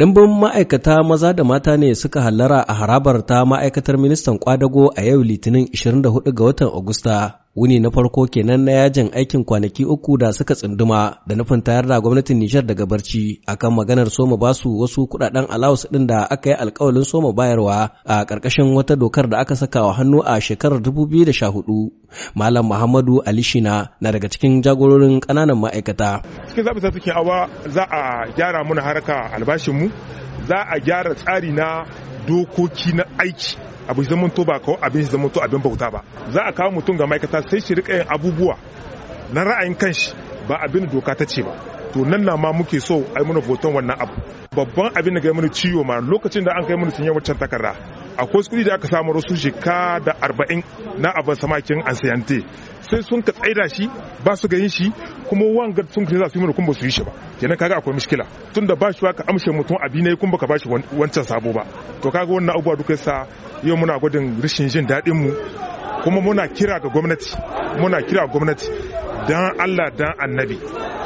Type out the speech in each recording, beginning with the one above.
Ɗimbin ma'aikata maza da mata ne suka hallara a harabar ta ma'aikatar ministan kwadago a yau litinin 24 ga watan Agusta wuni na farko kenan na yajin aikin kwanaki uku da suka tsunduma da nufin tayar da gwamnatin Nijar daga barci akan maganar soma ba su wasu kudaden alawus din da aka yi alkawalin soma bayarwa a ƙarƙashin wata dokar da aka saka wa hannu a shekarar 2014 Malam Muhammadu alishina na daga cikin jagororin kananan ma'aikata. Cikin zaɓi suke awa za a gyara muna harka albashinmu za a gyara tsari na dokoki na aiki abin zaman to ba ko abin zaman to abin bauta ba za a kawo mutum ga ma'aikata sai shi rika yin abubuwa na ra'ayin kanshi ba abin doka ta ce ba to nan na ma muke so ai mana hoton wannan abu babban abin da ga mana ciwo ma lokacin da an kai mana sun yi can takarda akwai kuɗi da aka samu rasu shika da arba'in na abin samakin ansayante sai sun ka tsaida shi ba su yin shi kuma wanga sun ka za su yi mana kuma su yi shi ba kenan kaga akwai mishkila tun da ba shi ka amshe mutum abi ne kuma ka ba shi wancan sabo ba to kaga wannan abubuwa duka sa yau muna gwadin rashin jin daɗin mu kuma muna kira ga gwamnati muna kira gwamnati dan Allah dan annabi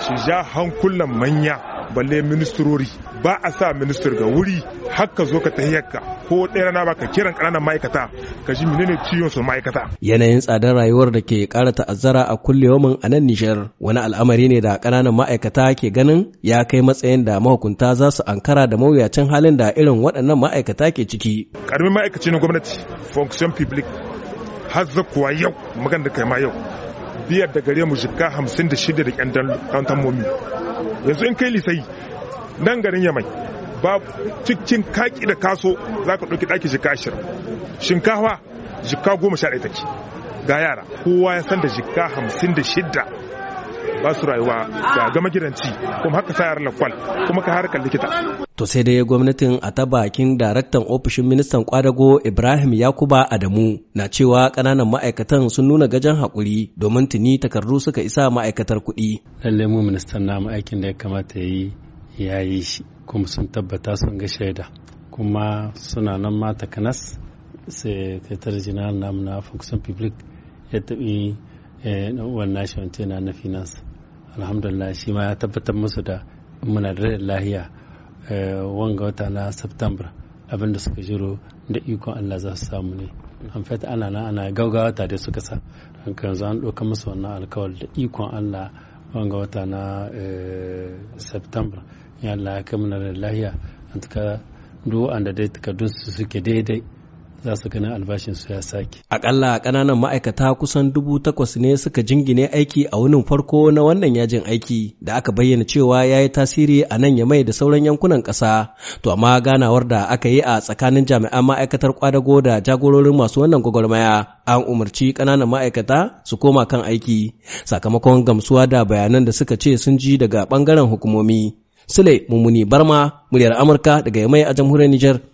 shi ja hankulan manya balle ministrori ba a sa ministar ga wuri hakka zo ka tahiyarka ko ɗaya rana baka kiran ƙananan ma'aikata ka ji menene ciwon su ma'aikata yanayin tsadar rayuwar da ke ƙara ta'azzara a kulle a nan Nijar wani al'amari ne da ƙananan ma'aikata ke ganin ya kai matsayin da mahukunta za su ankara da mawuyacin halin da irin waɗannan ma'aikata ke ciki Karamin ma'aikaci na gwamnati function public har zakuwa yau magana da kai ma yau biyar da gare mu jikka hamsin da shida da ƙyan tammomi yanzu in kai lisai nan garin yamai ba cikin kaki da kaso za ka ɗauki ɗaki jikka ashirin shinkafa jikka goma sha ɗaya take ga yara kowa ya san da jikka hamsin da shida ba su rayuwa ga magidanci kuma haka sayar lakwal kuma ka harkar likita to sai dai gwamnatin a ta bakin daraktan ofishin ministan kwadago ibrahim yakuba adamu na cewa kananan ma'aikatan sun nuna gajen haƙuri domin tuni takardu suka isa ma'aikatar kuɗi lallai mu ministan namu aikin da ya kamata ya yi ya yi shi kuma sun tabbata sun ga shaida kuma suna nan ma takanas sai tatar jinal namu na function public ya taɓi eh, na na finance alhamdulillah shi ma ya tabbatar musu da muna da lahiya eh, wanga wata na september abinda suka jiro da ikon allah za su samu ne an fata ana na ana gaugawa da suka sa kanzu an ɗauka musu wannan alkawal da ikon allah wanga wata na eh, september ya allah ya kai muna da lahiya an tuka duk wanda dai takardun su suke daidai za su gani albashin su ya sake. Akalla ƙananan ma'aikata kusan dubu takwas ne suka jingine aiki a wunin farko na wannan yajin aiki da aka bayyana cewa ya yi tasiri a nan ya mai da sauran yankunan ƙasa. To amma ganawar da aka yi a tsakanin jami'an ma'aikatar kwadago da jagororin masu wannan gwagwarmaya an umarci ƙananan ma'aikata su koma kan aiki sakamakon gamsuwa da bayanan da suka ce sun ji daga ɓangaren hukumomi. Sule Mummuni Barma, muryar Amurka daga Yamai a jamhuriyar Nijar.